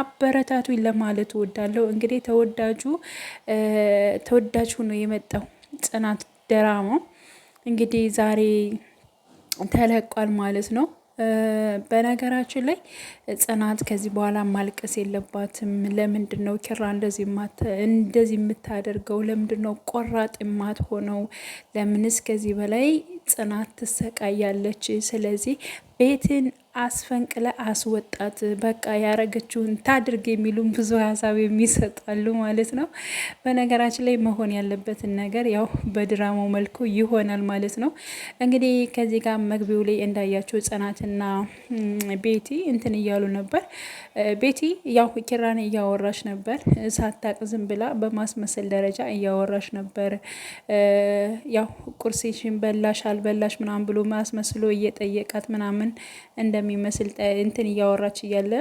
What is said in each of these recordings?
አበረታቱኝ ለማለት እወዳለሁ። እንግዲህ ተወዳጁ ተወዳጅ ነው የመጣው ጽናት ድራማ እንግዲህ ዛሬ ተለቋል ማለት ነው። በነገራችን ላይ ጽናት ከዚህ በኋላ ማልቀስ የለባትም። ለምንድን ነው ኪራ እንደዚህ የምታደርገው? ለምንድን ነው ቆራጥ የማትሆነው? ለምንስ ከዚህ በላይ ጽናት ትሰቃያለች? ስለዚህ ቤትን አስፈንቅለ አስወጣት፣ በቃ ያረገችውን ታድርግ የሚሉም ብዙ ሀሳብ የሚሰጣሉ ማለት ነው። በነገራችን ላይ መሆን ያለበትን ነገር ያው በድራማው መልኩ ይሆናል ማለት ነው። እንግዲህ ከዚህ ጋር መግቢው ላይ እንዳያቸው ጽናትና ቤቲ እንትን እያሉ ነበር። ቤቲ ያው ኪራን እያወራች ነበር፣ ሳታቅ ዝም ብላ በማስመሰል ደረጃ እያወራች ነበር። ያው ቁርሴሽን በላሽ አልበላሽ ምናምን ብሎ ማስመስሎ እየጠየቃት ምናምን እንደሚመስል እንትን እያወራች እያለ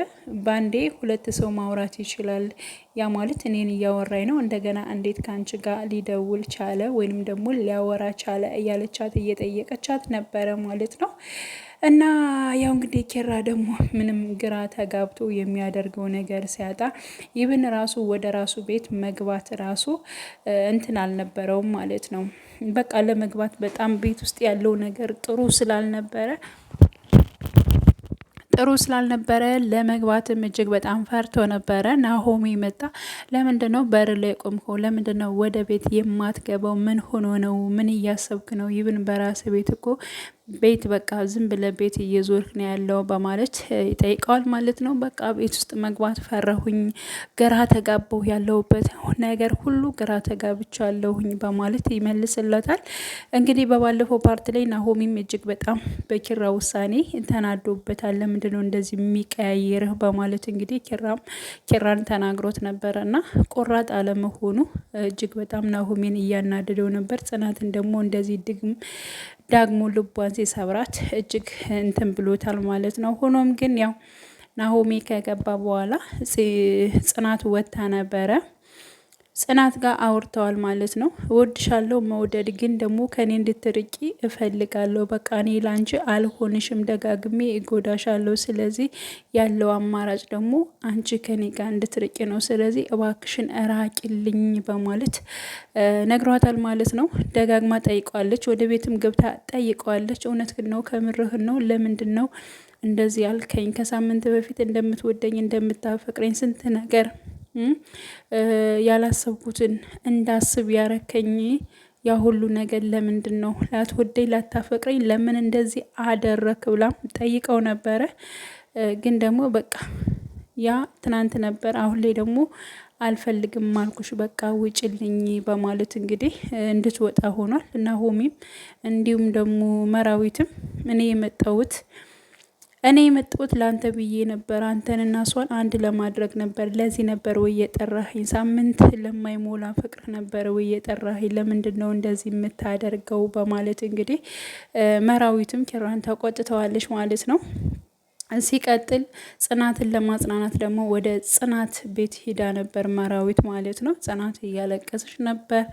ባንዴ ሁለት ሰው ማውራት ይችላል። ያ ማለት እኔን እያወራኝ ነው፣ እንደገና እንዴት ከአንቺ ጋር ሊደውል ቻለ ወይንም ደግሞ ሊያወራ ቻለ እያለቻት እየጠየቀቻት ነበረ ማለት ነው። እና ያው እንግዲህ ኬራ ደግሞ ምንም ግራ ተጋብቶ የሚያደርገው ነገር ሲያጣ ይብን ራሱ ወደ ራሱ ቤት መግባት ራሱ እንትን አልነበረውም ማለት ነው። በቃ ለመግባት በጣም ቤት ውስጥ ያለው ነገር ጥሩ ስላልነበረ ጥሩ ስላልነበረ ለመግባትም እጅግ በጣም ፈርቶ ነበረ። ናሆሚ መጣ። ለምንድን ነው በር ላይ ቆምከው? ለምንድነው ነው ወደ ቤት የማትገባው? ምን ሆኖ ነው? ምን እያሰብክ ነው? ይብን በራስ ቤት እኮ ቤት በቃ ዝም ብለ ቤት እየዞርክ ነው ያለው በማለት ይጠይቀዋል ማለት ነው። በቃ ቤት ውስጥ መግባት ፈረሁኝ ግራ ተጋባሁ፣ ያለሁበት ነገር ሁሉ ግራ ተጋብቻለሁኝ በማለት ይመልስለታል። እንግዲህ በባለፈው ፓርት ላይ ናሆሚም እጅግ በጣም በኪራ ውሳኔ ተናዶበታል። ለምንድን እንደዚህ የሚቀያየርህ በማለት እንግዲህ ኪራም ኪራን ተናግሮት ነበረ እና ቆራጥ አለመሆኑ እጅግ በጣም ናሆሚን እያናደደው ነበር። ጽናትን ደግሞ እንደዚህ ድግም ዳግሞ ልቧን ሲሰብራት እጅግ እንትን ብሎታል ማለት ነው። ሆኖም ግን ያው ናሆሜ ከገባ በኋላ ጽናቱ ወጥታ ነበረ ጽናት ጋር አውርተዋል ማለት ነው። እወድሻለሁ መውደድ ግን ደግሞ ከኔ እንድትርቂ እፈልጋለሁ። በቃ እኔ ላንቺ አልሆንሽም፣ ደጋግሜ እጎዳሻለሁ። ስለዚህ ያለው አማራጭ ደግሞ አንቺ ከኔ ጋር እንድትርቂ ነው። ስለዚህ እባክሽን ራቂልኝ በማለት ነግሯታል ማለት ነው። ደጋግማ ጠይቀዋለች። ወደ ቤትም ገብታ ጠይቀዋለች። እውነት ነው ከምርህን ነው ለምንድን ነው እንደዚህ ያልከኝ? ከሳምንት በፊት እንደምትወደኝ እንደምታፈቅረኝ ስንት ነገር ያላሰብኩትን እንዳስብ ያረከኝ ያ ሁሉ ነገር ለምንድን ነው? ላትወደኝ ላታፈቅረኝ ለምን እንደዚህ አደረክ ብላም ጠይቀው ነበረ። ግን ደግሞ በቃ ያ ትናንት ነበር። አሁን ላይ ደግሞ አልፈልግም አልኩሽ በቃ ውጭልኝ በማለት እንግዲህ እንድትወጣ ሆኗል። እና ሆሚም እንዲሁም ደግሞ መራዊትም እኔ የመጣሁት እኔ የመጣሁት ለአንተ ብዬ ነበር። አንተን እና እሷን አንድ ለማድረግ ነበር። ለዚህ ነበር ወይ የጠራኸኝ? ሳምንት ለማይሞላ ፍቅር ነበር ወይ የጠራኸኝ? ለምንድን ነው እንደዚህ የምታደርገው? በማለት እንግዲህ መራዊትም ኪራን ተቆጥተዋለች ማለት ነው። ሲቀጥል ጽናትን ለማጽናናት ደግሞ ወደ ጽናት ቤት ሂዳ ነበር መራዊት ማለት ነው። ጽናት እያለቀሰች ነበር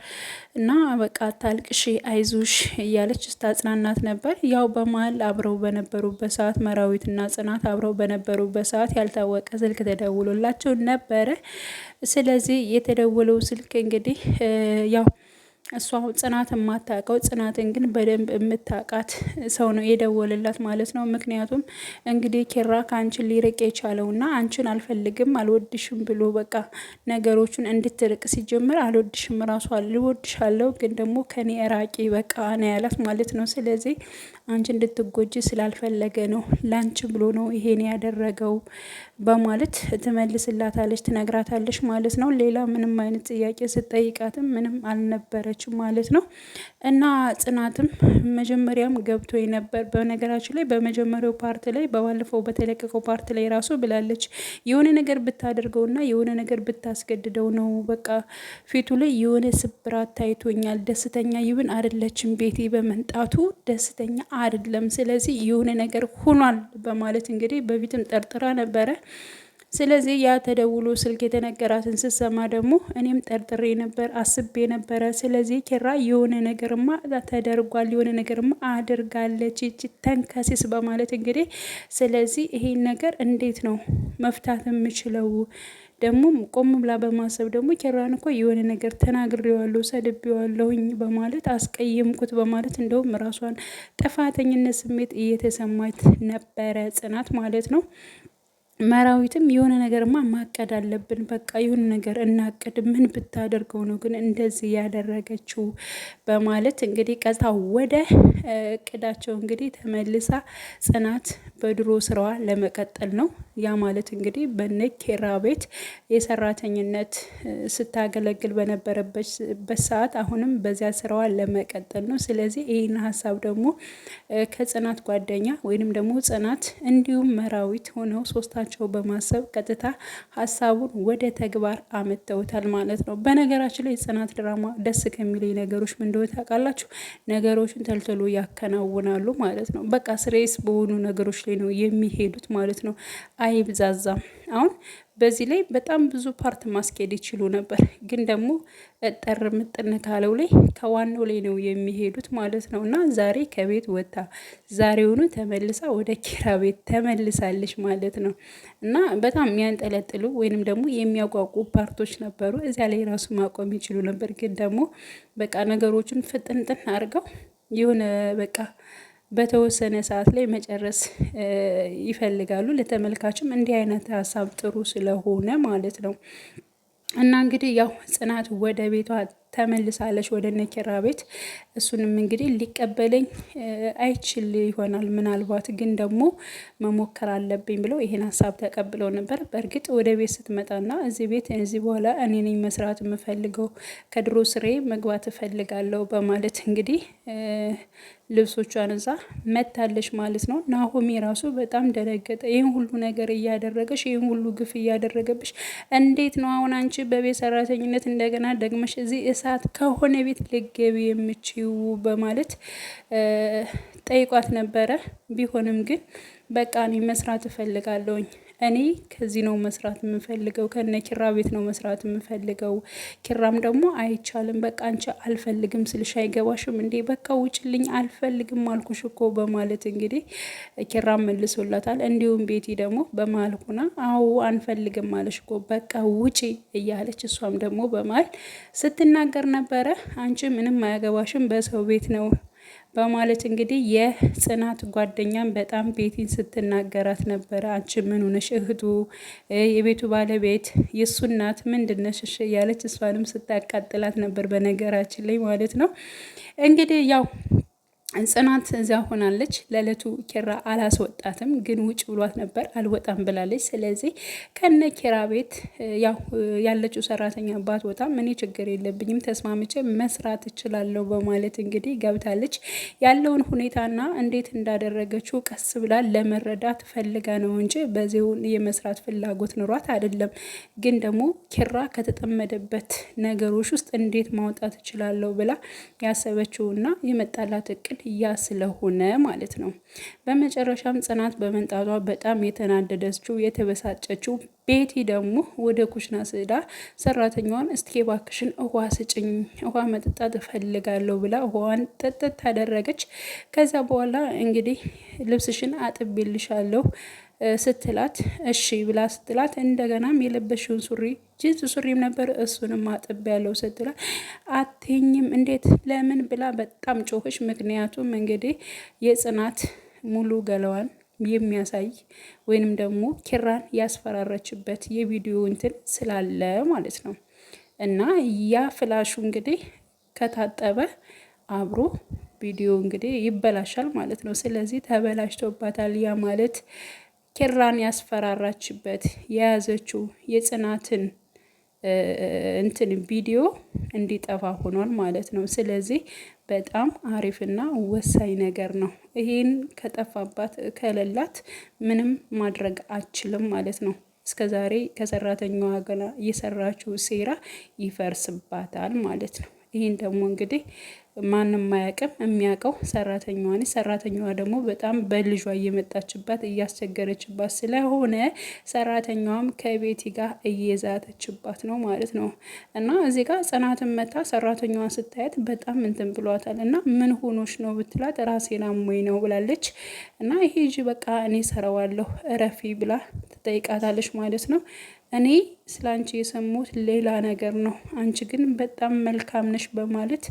እና በቃ አታልቅሽ፣ አይዞሽ እያለች ስታጽናናት ነበር። ያው በመሀል አብረው በነበሩበት ሰዓት መራዊትና ጽናት አብረው በነበሩበት ሰዓት ያልታወቀ ስልክ ተደውሎላቸው ነበረ። ስለዚህ የተደወለው ስልክ እንግዲህ ያው እሷ ጽናት የማታውቀው ጽናትን ግን በደንብ የምታውቃት ሰው ነው የደወለላት ማለት ነው። ምክንያቱም እንግዲህ ኪራ ከአንቺን ሊርቅ የቻለው ና አንቺን አልፈልግም አልወድሽም ብሎ በቃ ነገሮቹን እንድትርቅ ሲጀምር አልወድሽም ራሷ ልወድሻለሁ ግን ደግሞ ከኔ ራቂ በቃ ነ ያላት ማለት ነው። ስለዚህ አንቺ እንድትጎጂ ስላልፈለገ ነው ላንቺ ብሎ ነው ይሄን ያደረገው በማለት ትመልስላታለች፣ ትነግራታለች ማለት ነው። ሌላ ምንም አይነት ጥያቄ ስጠይቃትም ምንም አልነበረች አልቻለችም ማለት ነው። እና ጽናትም መጀመሪያም ገብቶ ነበር። በነገራችን ላይ በመጀመሪያው ፓርት ላይ በባለፈው በተለቀቀው ፓርት ላይ ራሱ ብላለች የሆነ ነገር ብታደርገውና የሆነ ነገር ብታስገድደው ነው በቃ ፊቱ ላይ የሆነ ስብራት ታይቶኛል። ደስተኛ ይብን አይደለችም፣ ቤቴ በመንጣቱ ደስተኛ አይደለም። ስለዚህ የሆነ ነገር ሆኗል በማለት እንግዲህ በፊትም ጠርጥራ ነበረ። ስለዚህ ያ ተደውሎ ስልክ የተነገራትን ስሰማ ደግሞ እኔም ጠርጥሬ ነበር አስቤ ነበረ። ስለዚህ ኪራ የሆነ ነገርማ ተደርጓል፣ የሆነ ነገርማ አድርጋለች ይቺ ተንከሲስ በማለት እንግዲህ ስለዚህ ይሄን ነገር እንዴት ነው መፍታት የምችለው? ደግሞ ቆም ብላ በማሰብ ደግሞ ኪራን እኮ የሆነ ነገር ተናግሬዋለሁ፣ ሰድቤዋለሁኝ በማለት አስቀየምኩት በማለት እንደውም ራሷን ጥፋተኝነት ስሜት እየተሰማት ነበረ ጽናት ማለት ነው። መራዊትም የሆነ ነገርማ ማቀድ አለብን፣ በቃ የሆነ ነገር እናቅድ፣ ምን ብታደርገው ነው ግን እንደዚህ ያደረገችው በማለት እንግዲህ ቀጥታ ወደ እቅዳቸው እንግዲህ ተመልሳ ጽናት በድሮ ስራዋ ለመቀጠል ነው። ያ ማለት እንግዲህ በነ ኬራ ቤት የሰራተኝነት ስታገለግል በነበረበት ሰዓት አሁንም በዚያ ስራዋ ለመቀጠል ነው። ስለዚህ ይህን ሀሳብ ደግሞ ከጽናት ጓደኛ ወይንም ደግሞ ጽናት እንዲሁም መራዊት ሆነው ሶስታ እንደሚጠቅማቸው በማሰብ ቀጥታ ሀሳቡን ወደ ተግባር አመተውታል ማለት ነው። በነገራችን ላይ ጽናት ድራማ ደስ ከሚለኝ ነገሮች ምን እንደሆነ ታውቃላችሁ? ነገሮችን ተልተሎ ያከናውናሉ ማለት ነው። በቃ ስሬስ በሆኑ ነገሮች ላይ ነው የሚሄዱት ማለት ነው። አይብዛዛም አሁን በዚህ ላይ በጣም ብዙ ፓርት ማስኬድ ይችሉ ነበር፣ ግን ደግሞ እጠር ምጥን ካለው ላይ ከዋናው ላይ ነው የሚሄዱት ማለት ነው። እና ዛሬ ከቤት ወታ ዛሬውኑ ተመልሳ ወደ ኪራ ቤት ተመልሳለች ማለት ነው። እና በጣም የሚያንጠለጥሉ ወይንም ደግሞ የሚያጓጉ ፓርቶች ነበሩ። እዚያ ላይ ራሱ ማቆም ይችሉ ነበር፣ ግን ደግሞ በቃ ነገሮችን ፍጥንጥን አድርገው የሆነ በቃ በተወሰነ ሰዓት ላይ መጨረስ ይፈልጋሉ። ለተመልካችም እንዲህ አይነት ሀሳብ ጥሩ ስለሆነ ማለት ነው እና እንግዲህ ያው ጽናት ወደ ቤቷ ተመልሳለች ወደ ነኪራ ቤት። እሱንም እንግዲህ ሊቀበለኝ አይችል ይሆናል ምናልባት ግን ደግሞ መሞከር አለብኝ ብለው ይሄን ሀሳብ ተቀብለው ነበር። በእርግጥ ወደ ቤት ስትመጣና እዚህ ቤት እዚህ በኋላ እኔ ነኝ መስራት የምፈልገው ከድሮ ስሬ መግባት እፈልጋለሁ በማለት እንግዲህ ልብሶቿን እዛ መታለች ማለት ነው። ናሆሚ ራሱ በጣም ደረገጠ። ይህን ሁሉ ነገር እያደረገች ይህን ሁሉ ግፍ እያደረገብሽ እንዴት ነው አሁን አንቺ በቤት ሰራተኝነት እንደገና ደግመሽ እዚህ እሳ ሰዓት ከሆነ ቤት ልገቢ የምችው በማለት ጠይቋት ነበረ። ቢሆንም ግን በቃ እኔ መስራት እፈልጋለሁኝ እኔ ከዚህ ነው መስራት የምፈልገው፣ ከነ ኪራ ቤት ነው መስራት የምፈልገው። ኪራም ደግሞ አይቻልም፣ በቃ አንቺ አልፈልግም ስልሽ አይገባሽም እንዴ? በቃ ውጭልኝ፣ አልፈልግም አልኩሽ እኮ በማለት እንግዲህ ኪራም መልሶላታል። እንዲሁም ቤቲ ደግሞ በመሀል ሆና አዎ አንፈልግም አለሽ እኮ በቃ ውጪ እያለች እሷም ደግሞ በመሀል ስትናገር ነበረ። አንቺ ምንም አያገባሽም፣ በሰው ቤት ነው በማለት እንግዲህ የጽናት ጓደኛም በጣም ቤቲን ስትናገራት ነበረ። አንቺ ምን ሆነሽ እህቱ፣ የቤቱ ባለቤት፣ የእሱ እናት ምንድነሽ እያለች እሷንም ስታቃጥላት ነበር። በነገራችን ላይ ማለት ነው እንግዲህ ያው ጽናት እዚያ ሆናለች። ለእለቱ ኪራ አላስወጣትም፣ ግን ውጭ ብሏት ነበር አልወጣም ብላለች። ስለዚህ ከነ ኪራ ቤት ያለችው ሰራተኛ አባት ወጣ ምን ችግር የለብኝም ተስማምቼ መስራት እችላለሁ በማለት እንግዲህ ገብታለች። ያለውን ሁኔታና እንዴት እንዳደረገችው ቀስ ብላ ለመረዳት ፈልጋ ነው እንጂ በዚሁን የመስራት ፍላጎት ኑሯት አይደለም። ግን ደግሞ ኪራ ከተጠመደበት ነገሮች ውስጥ እንዴት ማውጣት እችላለሁ ብላ ያሰበችውና የመጣላት እቅድ ያ ስለሆነ ማለት ነው። በመጨረሻም ጽናት በመንጣቷ በጣም የተናደደችው የተበሳጨችው ቤቲ ደግሞ ወደ ኩሽና ስዳ ሰራተኛዋን እስቲ ባክሽን ውሃ ስጭኝ፣ ውሃ መጠጣት እፈልጋለሁ ብላ ውሃዋን ጠጠት ታደረገች። ከዚያ በኋላ እንግዲህ ልብስሽን አጥቤልሻለሁ ስትላት እሺ ብላ ስትላት እንደገናም የለበሽውን ሱሪ ጅንስ ሱሪም ነበር እሱንም አጥብ ያለው ስትላት አትኝም እንዴት ለምን ብላ በጣም ጮኸች። ምክንያቱም እንግዲህ የጽናት ሙሉ ገለዋን የሚያሳይ ወይንም ደግሞ ኪራን ያስፈራረችበት የቪዲዮ እንትን ስላለ ማለት ነው። እና ያ ፍላሹ እንግዲህ ከታጠበ አብሮ ቪዲዮ እንግዲህ ይበላሻል ማለት ነው። ስለዚህ ተበላሽቶባታል ያ ማለት ኪራን ያስፈራራችበት የያዘችው የጽናትን እንትን ቪዲዮ እንዲጠፋ ሆኗል ማለት ነው። ስለዚህ በጣም አሪፍና ወሳኝ ነገር ነው። ይሄን ከጠፋባት ከሌላት ምንም ማድረግ አችልም ማለት ነው። እስከዛሬ ከሰራተኛዋ ገና የሰራችው ሴራ ይፈርስባታል ማለት ነው። ይህን ደግሞ እንግዲህ ማንም ማያቅም የሚያውቀው ሰራተኛዋ ነች። ሰራተኛዋ ደግሞ በጣም በልጇ እየመጣችባት እያስቸገረችባት ስለሆነ ሰራተኛዋም ከቤቲ ጋር እየዛተችባት ነው ማለት ነው። እና እዚህ ጋር ጽናትን መታ ሰራተኛዋን ስታያት በጣም እንትን ብሏታል። እና ምን ሆኖች ነው ብትላት ራሴን አሞኝ ነው ብላለች። እና ይሄ እጅ በቃ እኔ ሰረዋለሁ እረፊ ብላ ትጠይቃታለች ማለት ነው። እኔ ስለ አንቺ የሰሙት ሌላ ነገር ነው። አንቺ ግን በጣም መልካም ነሽ በማለት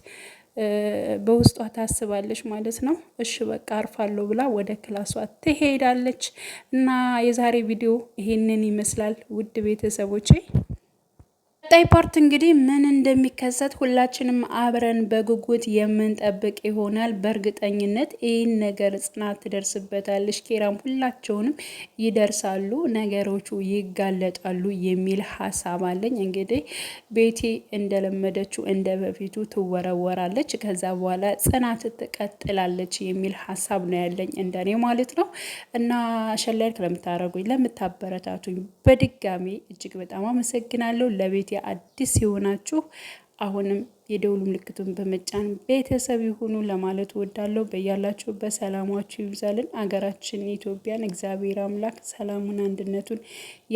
በውስጧ ታስባለች ማለት ነው። እሺ በቃ አርፋለሁ ብላ ወደ ክላሷ ትሄዳለች። እና የዛሬ ቪዲዮ ይሄንን ይመስላል ውድ ቤተሰቦቼ። ቀጣይ ፓርት እንግዲህ ምን እንደሚከሰት ሁላችንም አብረን በጉጉት የምንጠብቅ ይሆናል። በእርግጠኝነት ይህን ነገር ጽናት ትደርስበታለች፣ ኬራም ሁላቸውንም ይደርሳሉ፣ ነገሮቹ ይጋለጣሉ የሚል ሀሳብ አለኝ። እንግዲህ ቤቲ እንደለመደችው እንደ በፊቱ ትወረወራለች፣ ከዛ በኋላ ጽናት ትቀጥላለች የሚል ሀሳብ ነው ያለኝ እንደኔ ማለት ነው። እና ሸላይክ ለምታደርጉኝ ለምታበረታቱኝ በድጋሚ እጅግ በጣም አመሰግናለሁ ለቤቴ አዲስ የሆናችሁ አሁንም የደውሉ ምልክቱን በመጫን ቤተሰብ ይሁኑ ለማለት እወዳለሁ። በያላችሁ በሰላማችሁ ይብዛልን። አገራችን ኢትዮጵያን እግዚአብሔር አምላክ ሰላሙን አንድነቱን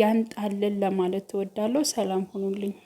ያንጣልን ለማለት ትወዳለሁ ሰላም ሁኑልኝ።